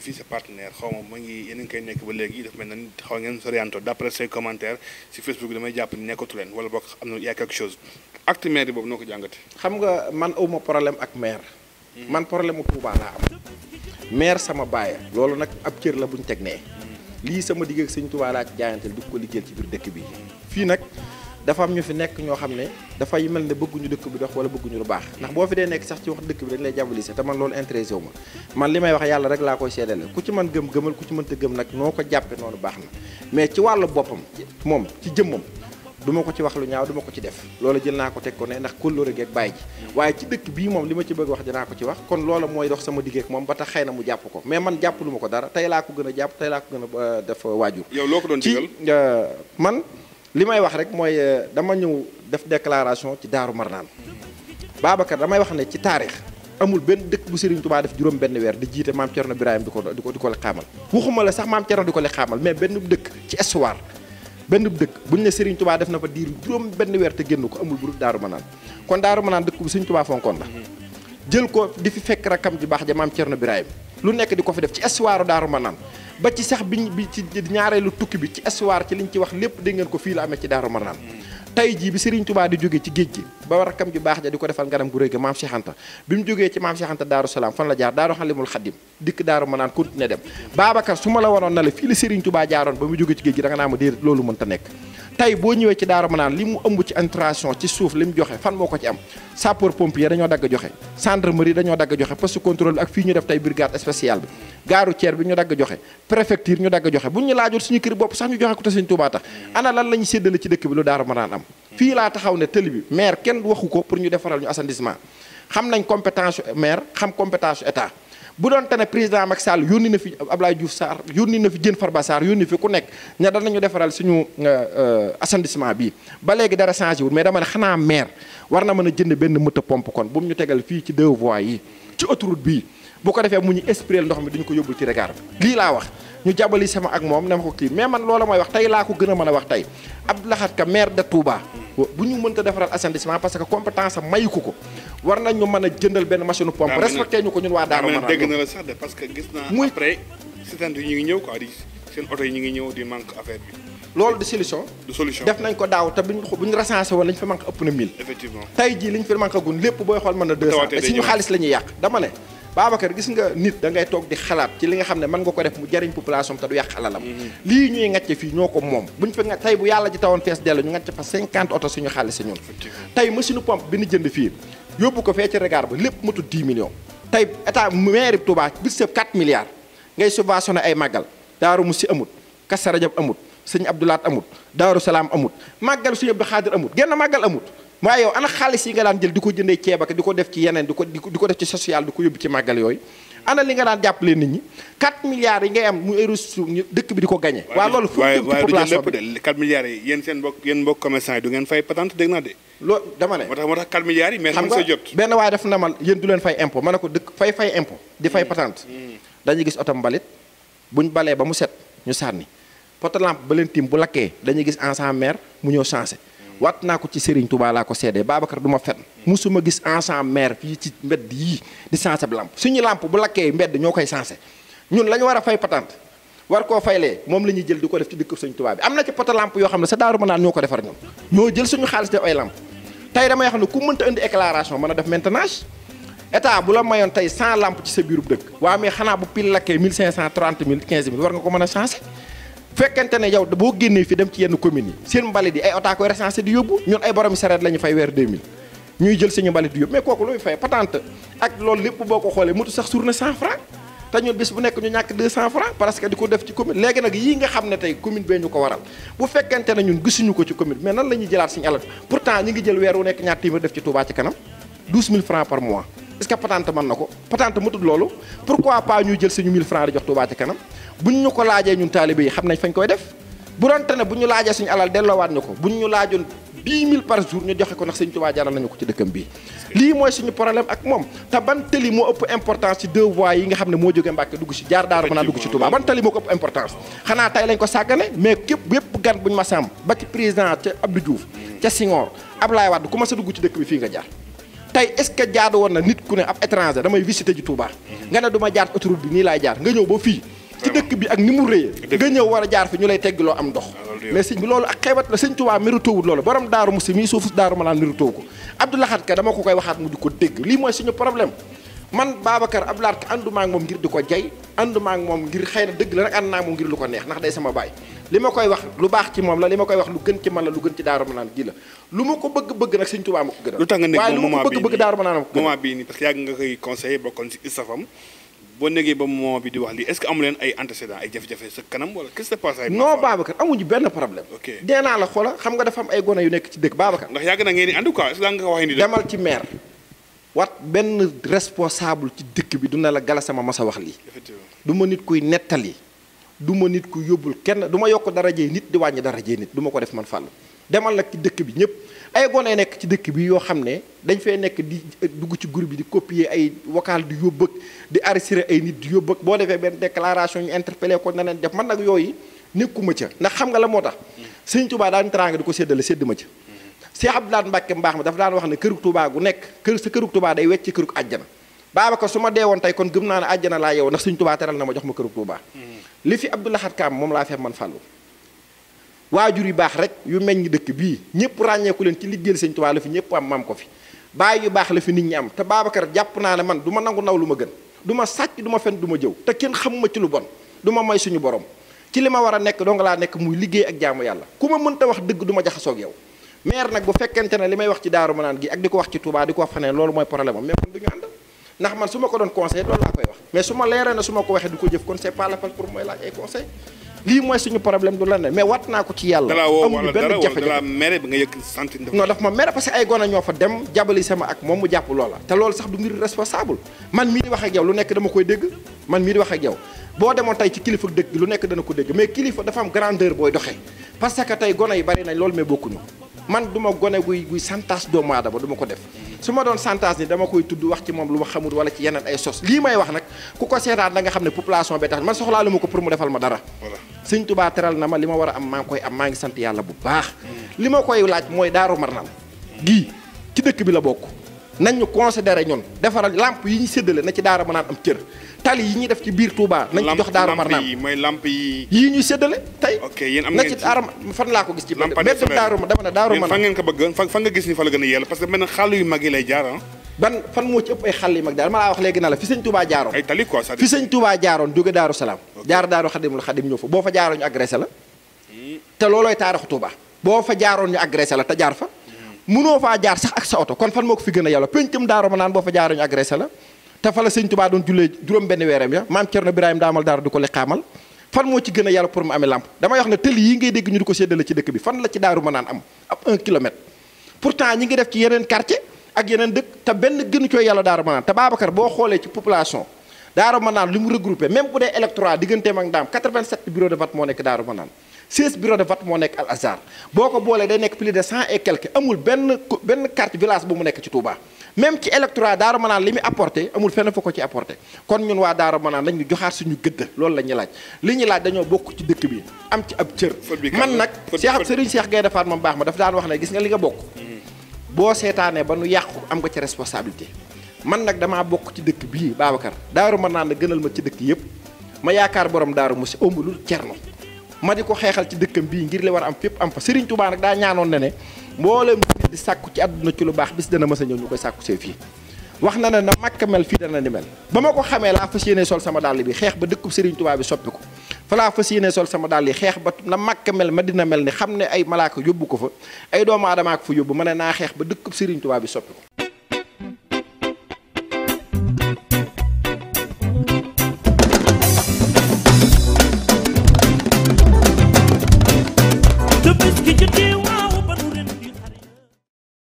na fii sa partenaire xaw ma ma ngi yéen a koy nekk ba léegi daf mel na nit xaw ngeen sorianto d'après say commentaires si Facebook damay jàpp nekkatu leen wala bokk am na yaa quelque chose acte maire yi boobu noo ko jàngate xam nga man awma problème ak mair hmm. man problème mu Touba laa am maire sama baaya loolu nag ab cër la bu ñu teg nee hmm. lii sama digg ak sëñ Touba laa ci jaayantel du ko liggéeyal ci biir dëkk bi hmm. fii nag dafa am ñu fi nekk ñoo xam ne dafay mel ne bëgguñu dëkk bi dox wala bëgguñu lu baax ndax boo fi dee nekk sax ci wax dëkk bi dañ lay jàbalise te man loolu intéressé wu ma man li may wax yàlla rek laa koy seedale ku ci mën gëm gëmal ku ci mënta gëm nag noo ko jàppe noonu baax na mais ci wàllu boppam moom ci jëmmam duma ko ci wax lu ñaaw duma ko ci def loolu jël naa ko teg ko ne ndax kóllóore geeg bàyyi ji waaye ci dëkk bii moom li ma ci bëgg wax dinaa ko ci wax kon loola mooy dox sama diggeeg moom ba tax xëy na mu jàpp ko mais man jàpp ko dara tey laa ko a jàpp tey laa ko gën a euh, def loo ko doon digal euh, man li may wax rek mooy euh, dama ñëw def déclaration ci Daaru Marnaan Babacar damay wax ne ci taarix amul benn dëkk bu Serigne Touba def juróom benn weer di jiite maam Thierno Birahim di ko di ko di ko le xaamal waxuma la sax maam Thierno di ko le mais benn dëkk ci histoire benn dëkk buñ ne Serigne Touba def na fa diir juróom benn weer te génn ko amul bu dul Daaru kon Daaru Manaan dëkk bu Serigne Touba fonkoon la jël ko di fi fekk rakam ji baax ja maam Thierno Birahim lu nekk di ko fi def ci histoire Daaru Manaan ba ci sax biñ bi ci ñaareelu tukki bi ci histoire ci liñ ci wax lépp dégg ngeen ko fii la amee ci Daaru Marnaan tey jii bi Serigne Touba di jóge ci géej gi ba rakkam ju baax ja di ko defal ngaram gu rëy ga maam Cheikh Anta bi mu jógee ci maam Cheikh Daaru Salaam fan la jaar Daaru Xalimul Xadim dikk Daaru Marnaan continuer dem Babacar su ma la waroon na la fii la Serigne Touba jaaroon ba mu jógee ci géej gi da naa ma déer loolu mën ta nekk tey boo ñëwee ci Daaru Manaan li mu ëmb ci intervention ci suuf li mu joxe fan moo ko ci am sapeur pompier dañoo dagg joxe gendarmerie dañoo dagg joxe poste contrôle bi ak fii ñu def tey brigade spéciale bi gaaru ceer bi ñu dagg joxe préfecture ñu dagg joxe bu ñu laajoon suñu kër bopp sax ñu joxe ko te Sëñ Tuubaa tax ana lan la ñu séddale ci dëkk bi lu Daaru Manaan am fii laa taxaw ne tëli bi maire kenn waxu ko pour ñu defaral ñu assainissement xam nañ compétence maire xam compétence état bu doon te ne président Macky Sall yónni na fi Abdoulaye Diouf Sarr yónni na fi ba Farba Sarr yónni fi ku nekk ña danañu defaral suñu euh, euh, assainissement bi ba léegi dara changé wul mais dama ne xanaa maire war na mën a jënd benn mëtt pomp kon bu mu ñu tegal fii ci deux voies yi ci autoroute bi bu ko defee mu ñu espérer ndox mi duñu ko yóbbul ci regard bi lii laa wax ñu jàbbali sama ak moom ne ma ko kii mais man loola mooy wax tey laa ko gën a mën a wax tey Abdou Lahad Ka maire de Touba bu ñu mën ko defaral assainissement parce que compétence am mayu ko war nañu mën a jëndal benn machine pompe respecté ñu ko ñun waa Darou Manane dégg na la sax de parce que gis naa après citerne yi ñu ngi ñëw quoi di seen oto yi ñu ngi ñëw di manque affaire bi loolu de solution de solution def nañ ko daaw te bu ñu recensé woon lañ fi ëpp na 1000 tey jii liñ fi gun lépp booy xool mën na 200 si ñu xaalis la yàq dama ne Babacar gis nga nit da ngay toog di xalaat ci li nga xam ne man nga ko def mu jariñ population te du yàq alalam mm-hmm. lii ñuy ngàcce fii ñoo ko moom buñ fa nga tey bu yàlla ji tawoon fees dellu ñu ngàcce fa cinquante oto suñu xaalis si ñun tey machine pompe bi ñu jënd fii yóbbu ko fee ci regard ba lépp matul 10 millions tey état mairie Touba bi sëb 4 ngay subventionné ay màggal daaru mu amut Kazu amut sëñ Abdoulaat amut daaru salaam amut màggal suñu Abdou Xaadir amut genn màggal amut waaye yow ana xaalis yi nga daan jël di ko jëndee ceeb ak di ko def ci yeneen di ko di ko def ci social di ko yóbbu ci màggal yooyu ana li nga daan jàppale nit ñi 4 milliards yi ngay am mu érosu dëkk bi di ko gagné. waaw loolu fu mu jëm ci population bi waaye 4 milliards yi yéen seen mbokk yéen mbokk loolu dama ne moo tax moo tax 4 milliards yi. mais xam nga jot benn waaye def na ma yéen du leen fay impôt ma ne ko dëkk fay fay impôt. di fay mm. patente. Mm. dañuy gis oto balee ba mu set ñu sànni poteau lampe ba leen tiim bu lakkee dañuy gis ensemble maire mu ñëw changé waat naa ko ci Serigne Touba laa ko seedee Babacar du ma fen musuma gis encens maire fii ci mbedd yii di sensé bi lamp suñu lamp bu lakkee mbedd ñoo koy sance ñun la ñu war a fay patente war koo faylee moom la ñuy jël di ko def ci dëkk Serigne Touba bi am na ci poto yoo xam ne sa daaru ma naan ñoo ko defar ñoom ñoo jël suñu xaalis def ay lamp tey damay wax ne ku mënta indi éclairation mën a def maintenance état bu la mayoon tey 100 lamp ci sa biirub bu pile war nga ko mën a sensé fekkente ne yow boo génnee fi dem ci yenn communes yi seen mbalit yi ay otaa koy recensé di yóbbu ñun ay borom sareet la fay weer ñuy jël suñu mbalit di yóbbu mais kooku looy fay patente ak loolu lépp boo ko xoolee motu sax journée 100 te ñun bis bu nekk ñu ñàkk 200 par mois est que patente mën na ko patente motul loolu pourquoi pas ñuy jël suñu 1000 francs di jox Touba ci kanam bu ñu ko laajee ñun taalibe yi xam nañ fañ koy def bu doonte ne bu ñu laajee suñu alal delloowaat ñu ko buñ ñu laajoon 10 000 par jour ñu joxe ko ndax sëñ Tuubaa jaral nañu ko ci dëkkam bii lii mooy suñu problème ak moom te ban tëli moo ëpp importance ci deux yi nga xam ne moo jóge Mbàkke dugg ci jaar Daaru Manaan dugg ci Tuubaa ban tëli moo ko ëpp importance xanaa tey lañ ko sàggane mais képp yépp gan buñu ma sàmm ba ci président ca Abdou Diouf ca Senghor dugg ci dëkk bi fii nga jaar tey est-ce que jaadu na nit ku ne ab étranger damay visiter ji nga ne du ma jaar autoroute bi nii jaar nga ñëw ba fii ci dëkk bi ak ni mu rëyee nga ñëw war a jaar fi ñu lay teggiloo am ndox ah, mais sëñ bi loolu ak xeebat la ko Abdou Lahad Ka dama ko koy waxaat mu di ko dégg lii mooy suñu problème man Babacar na dëgg la nag neex ndax day sama li ma koy wax lu baax ci moom la li ma wax gën ci man la lu gën ko bëgg-bëgg nag sëñ Tuubaa ma ko gënal lu tax waaye lu ma ko bëgg-bëgg daaru manaan ma ko gënal boo négee ba mu moment bi di wax lii est-ce que amu leen ay antécédents ay jafe-jafe sa kanam wala qu'est-ce qui se passe amuñu benn problème dee naa la xoola xam nga dafa am ay gone yu nekk ci dëkk Babacar ndax yàgg na ngeen di ànd quoi est demal ci maire wat benn responsable ci dëkk bi du na la gala sama masa wax lii du ma nit kuy nettali du ma nit ku yóbbul kenn du ma yokk darajee nit di wàññi darajee nit duma ko def man fàllu demal nag ci dëkk bi ñëpp ay gone nekk ci dëkk bi yoo xam ne dañ fee nekk di eh, dugg ci groupe bi di copier ay vocal di yóbbëg di arrêter ay nit di yóbbëg boo defee benn déclaration ñu interpellé ko na leen man nag yooyu nekkuma ca ndax xam nga la moo tax sëñ Tuubaa daan teraanga di ko séddale sédd ma ca Cheikh Abdoulaye Mbacke mbaax ma dafa daan wax ne kërug Tuubaa gu nekk kër sa këru Tuubaa day wecc kërug àjjana Babacar su ma deewoon tey kon gëm naa ne àjjana laa yow ndax sëñ Tuubaa teral na ma jox ma kërug Tuubaa hmm. li fi Abdou Lahad moom laa fee man fàllu waajur yu baax rek yu meññ dëkk bii ñëpp ràññeeku leen ci liggéeyal sëñ Tuubaa la fi ñëpp am maam ko fi bàyyi yu baax la fi nit ñi am te Babacar jàpp naa ne man du ma nangu naw lu ma gën du ma sàcc du ma fen du ma jëw te kenn xamuma ci lu bon du ma may suñu borom ci li ma war a nekk dong laa nekk muy liggéey ak jaamu yàlla ku ma mënta wax dëgg du ma jaxasoog yow maire nag bu fekkente ne li may wax ci daaru manaan gi ak di ko wax ci Touba di ko wax feneen loolu mooy problème am mais ko wax mais su ma leeree na ma ko waxee du ko kon c'est pas la peine pour mooy lii mooy suñu problème du leneen mais wat naa ko ci yàlla. amuñu benn jafe-jafe dala dem jàbbali sama ak moom mu jàpp loola. te loolu sax du mbir responsable man mii di wax ak yow lu nekk dama koy dégg man mii di wax ak yow boo tey ci kilifa dëkk lu nekk dana ko dégg mais kilifa dafa am grandeur booy doxee parce que tey gone yi bari nañ loolu mais bokkuñu man du ma gone guy guy santaas doomu aadama du ko def. su ma doon santaas ni dama koy tudd wax ci moom lu ma xamul wala ci yeneen ay sos lii may wax nag ku ko seetaan da nga xam ne population bi tax man ko pour mu defal ma dara sëñ tubaa teral na ma li ma war a am maa ngi koy am maa ngi sant yàlla bu baax li ma koy laaj mooy daaru marnaan gii ci dëkk bi la bokk nañ ñu considéré defaral lamp yi ñu séddale na ci daara marnaan am cër tali yi ñuy def ci biir yi yii ñu séddale tey ok yéen am na fan laa ko gis ci mbedd daaru dama ne daaru marnaan fa ngeen ko bëgg fa nga gis ni fa la gën a yàlla parce que mel yu mag yi lay jaar ah. ban fan moo ci ëpp ay xàll yu mag daal ma laa wax léegi na la fi sëñ Touba jaaroon ay tali quoi fi sëñ Touba jaaroon jóge Daaru Salaam jaar Daaru Xadimul Xadim ñëw fa boo fa jaaroon ñu agressé la te loolooy taarixu Touba boo fa jaaroon ñu agressé la te jaar fa mm-hmm. jaar sax ak sa oto kon fan moo ko fi gën a yàlla péncam daaru naan boo fa jaaroon ñu agressé la te sëñ Touba doon jullee juróom benn weeram ya maam Cerno Birahim daamal daaru du ko liqaamal fan moo ci gën a yàlla pour mu amee làmp damay wax ne tëli yi ngay dégg ñu di ko séddale ci dëkk bi fan la ci daaru ma naan am ab un kilomètre pourtant ngi def ci yeneen quartier ak yeneen dëkk te benn gënu cooy yàlla Daaru Manaan te Babacar boo xoolee ci population Daaru Manaan li regroupé même bu dee électorat digganteem ak ndaam 87 de vote moo nekk Daaru Manaan 16 bureau de vote moo nekk Al Azhar boo ko boolee day nekk plus de 100 et quelques amul benn benn village bu mu nekk ci Touba. même ci électorat Daaru Manaan li muy amul fenn fu ko ci apporté kon ñun waa Daaru Manaan lañ joxaat suñu gëdd loolu la boo seetaanee ba nu yàqu am nga ci responsabilité man nag damaa bokk ci dëkk bii Babacar daaru ma naan la gënal ma ci dëkk yëpp ma yaakaar borom daaru mu si ëmb lu cerno ma di ko xeexal ci dëkkam bii ngir li war am fépp am fa Serigne Touba nag daa ñaanoon ne ne mboolem di sàkku ci àdduna ci lu baax bis dana mës a ñëw ñu koy sàkku see fii wax na ne na makka mel fii dana ni mel ba ma ko xamee laa fas yéene sol sama dàll bi xeex ba dëkkub Serigne bi soppi ko falaa fas ne sol sama daal yi xeex ba na màkk mel ma dina mel ne xam ne ay malaaka yóbbu ko fa ay doomu aadama ak fa yóbbu ma ne naa xeex ba dëkk Serigne Touba bi soppi ko